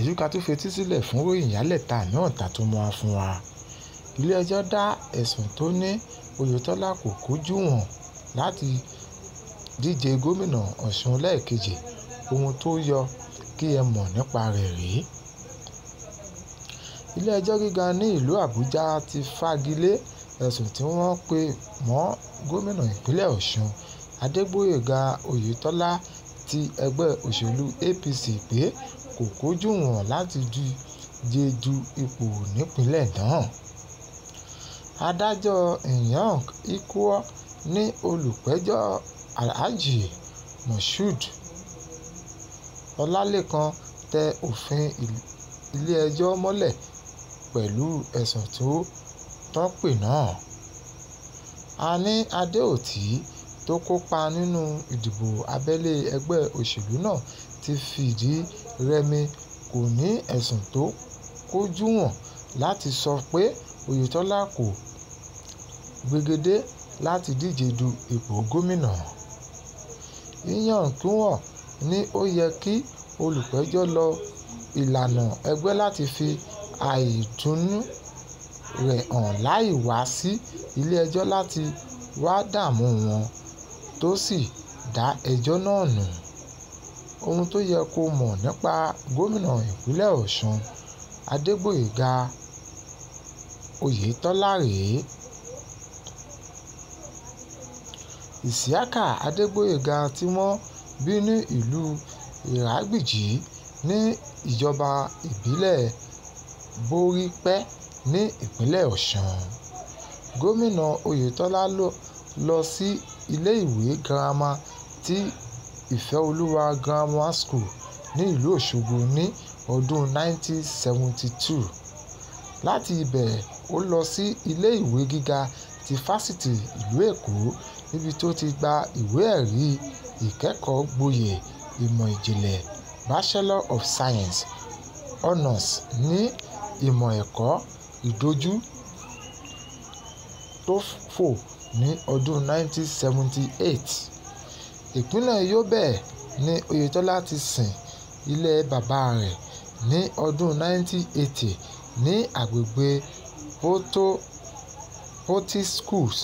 ẹ̀yùká tó fetí sílẹ̀ fún ìyálẹ̀ta náà ta tó mọ́ a fún wa ilé-ẹjọ́ dá ẹ̀sùn tó ní oyetola kò kúnjú wọn láti díje gómìnà ọ̀ṣun lẹ́ẹ̀kejì ohun tó yọ kí ẹ mọ̀ nípa rẹ̀ rèé ilé-ẹjọ́ gíga ní ìlú àbújá ti fagilé ẹ̀sùn tí wọ́n pè mọ́ gómìnà ìpínlẹ̀ ọ̀ṣun adégbòyèga oyetola ti ẹgbẹ́ òṣèlú apc pé kò kúnjú wọn láti díje dupò nípínlẹ̀ náà. Adájọ́ Anyang Kwo ní olùpẹ̀jọ́ Alhaji Mashood Ọlálékan tẹ òfin ilé-ẹjọ́ mọ́lẹ̀ pẹ̀lú ẹ̀sùn tó tọ́pẹ̀ náà. A ní Adé ò tì í tó kópa nínú ìdìbò abẹ́lé ẹgbẹ́ òṣèlú náà ti fìdí rẹmi kò ní ẹ̀sùn tó kójú hàn láti sọ pé Oyetola kò gbegedé láti díje du ipò gómìnà. Yíyànkúhàn ní ó yẹ kí olùpẹ̀jọ́ lo ìlànà ẹgbẹ́ láti fi àìdùnnú rẹ̀ hàn láì wá sí ilé-ẹjọ́ láti wá dààmú wọn tó sì dá ẹjọ́ náà nù. Ohun tó yẹ kó mọ̀ nípa Gómìnà ìpínlẹ̀ Ọ̀ṣun Adégbóyèga Oyètọ́lá rèé: Ìsíákà Adégbóyèga tí wọ́n bí ní ìlú Iragbìjí ní ìjọba ìbílẹ̀ Borípé ní ìpínlẹ̀ Ọ̀ṣun. Gómìnà Oyètọ́lá lọ sí ilé-ìwé girama ti Ìfẹ́olúwa Grammar School ní ìlú Òṣogbo ní ọdún 1972. Láti ibẹ̀ ó lọ sí ilé-ìwé gíga ti Fásitì ìlú Èkó níbi tí ó ti gba ìwé-ẹ̀rí ìkẹ́kọ̀ọ́gboyè ìmọ̀ ìjìnlẹ̀ Bachelor of Science (Honours) ní ìmọ̀ ẹ̀kọ́ ìdojú tó fò ní ọdún 1978. Ìpínlẹ̀ Yobe ni Oyetola ti sin ilé bàbá rẹ̀ ní ọdún 1980 ní agbègbè schools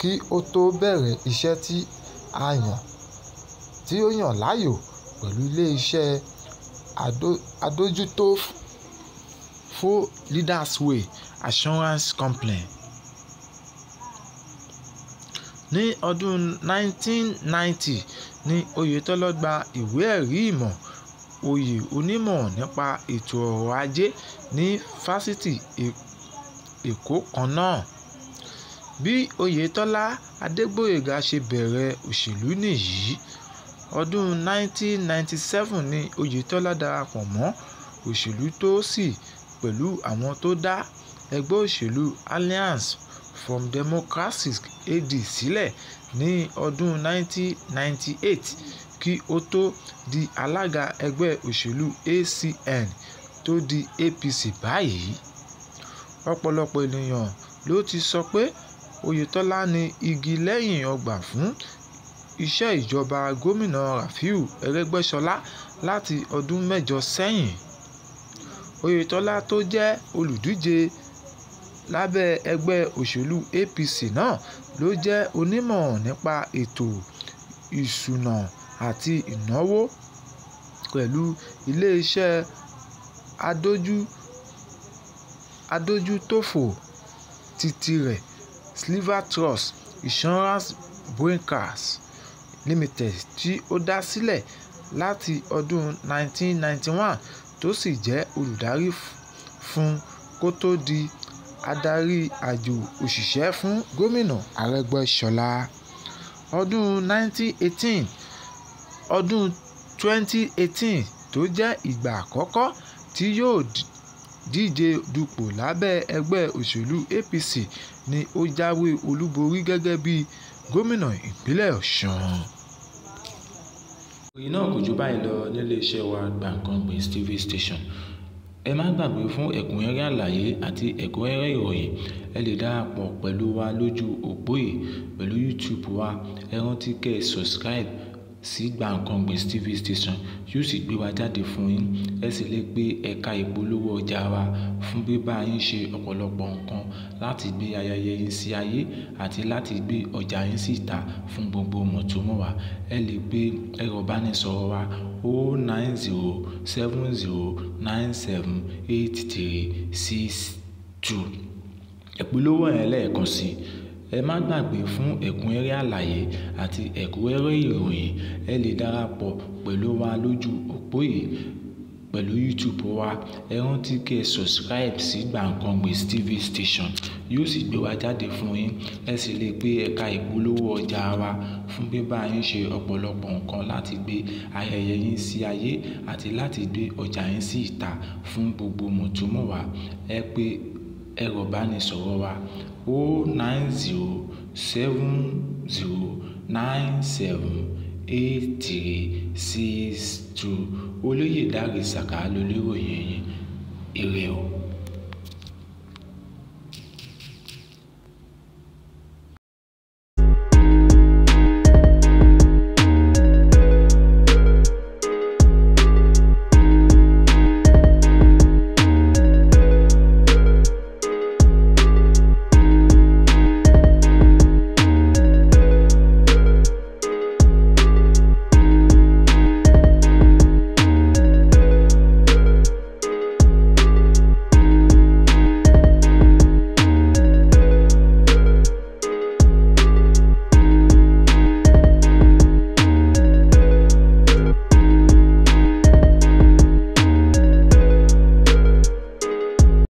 kí ó tó bẹ̀rẹ̀ iṣẹ́ tí ó yàn láàyò pẹ̀lú ilé-iṣẹ́ adójútòfò Leaders Way Assurance complaint. Ní ọdún 1990 ni Oyetola gba ìwé ẹ̀rí ìmọ̀ oyè onímọ̀ nípa ètò ọrọ̀ ajé ní Fásitì Èkó kan náà. Bí Oyetola Adégbóyèga ṣe bẹ̀rẹ̀ òṣèlú nìyí. Ọdún 1997 ni Oyetola darapọ̀ mọ́ òṣèlú tósì pẹ̀lú àwọn tó dá ẹgbẹ́ òṣèlú Alliance for Democracy AD sílẹ̀ ní ọdún 1998 kí ó tó di alága ẹgbẹ́ òṣèlú ACN tó di APC báyìí. Ọ̀pọ̀lọpọ̀ ènìyàn ló ti sọ pé Oyetola ní igi lẹ́yìn ọgbà fún iṣẹ́ ìjọba Gómìnà Rafiu Erẹ́gbẹ́sọlá láti ọdún mẹ́jọ sẹ́yìn. Oyetola tó jẹ́ olùdíje lábẹ́ ẹgbẹ́ òṣèlú APC náà ló jẹ́ onímọ̀ nípa ètò ìsúná àti ìnáwó pẹ̀lú ilé-iṣẹ́ adójútòfò ti tirẹ̀, Silver Trust Insurance Brokers Limited, tí ó dá sílẹ̀ láti ọdún 1991 tó sì jẹ́ olùdarí fún kó tó di adarí àjọ òṣìṣẹ́ fún gómìnà Arẹ́gbẹ́sọlá ọdún 1918 ọdún 2018 tó jẹ́ ìgbà àkọ́kọ́ tí yóò díje dupò lábẹ́ ẹgbẹ́ òṣèlú APC ni ó jáwé olúborí gẹ́gẹ́ bí gómìnà ìpínlẹ̀ Ọ̀ṣun. ìròyìn náà kò jù báyìí lọ nílé iṣẹ́ wa Gbankanbi TV station ẹ má gbàgbé fún ẹ̀kúnrẹ́rẹ́ àlàyé àti ẹ̀kúnrẹ́rẹ́ ìròyìn ẹ lè darapọ̀ pẹ̀lú wa lójú òpó yìí pẹ̀lú YouTube wa ẹ rántí kẹ́ ẹ subscribe sí Gbankanbi TV station yóò sì gbé wa jáde fún yín ẹ sì lè pe ẹ̀ka ìpolówó ọjà wa fún bíbá yín ṣe ọ̀pọ̀lọpọ̀ nǹkan láti gbé ayẹyẹ yín sí ayé àti láti gbé ọjà yín síta fún gbogbo mọ̀tòmọ́ ẹ lè pe ẹ̀rọ ìbánisọ̀rọ̀ wa o nine zero seven zero nine seven eight three six two. ìpolówó yẹn lẹ́ẹ̀kan sí ẹ má gbàgbé fún ẹ̀kúnrẹ́rẹ́ àlàyé àti ẹ̀kúnrẹ́rẹ́ ìròyìn ẹ lè darapọ̀ pẹ̀lú wa lójú òpó yìí pẹ̀lú YouTube wa ẹ rántí kí ẹ subscribe sí Gbankanbi TV station yóò sì gbé wa jáde fún yín ẹ sì lè gbé ẹ̀ka ìpolówó ọjà wa fún bíbá yín ṣe ọ̀pọ̀lọpọ̀ nǹkan láti gbé ayẹyẹ yín sí ayé àti láti gbé ọjà yín sí ìta fún gbogbo mọ̀túmọ̀wá ẹ pé ẹ̀rọ ìbánisọ̀rọ̀ wa o oh nine zero seven zero nine seven eight three six two olóyè dáre ṣàká lolóròyìn yìí ire o.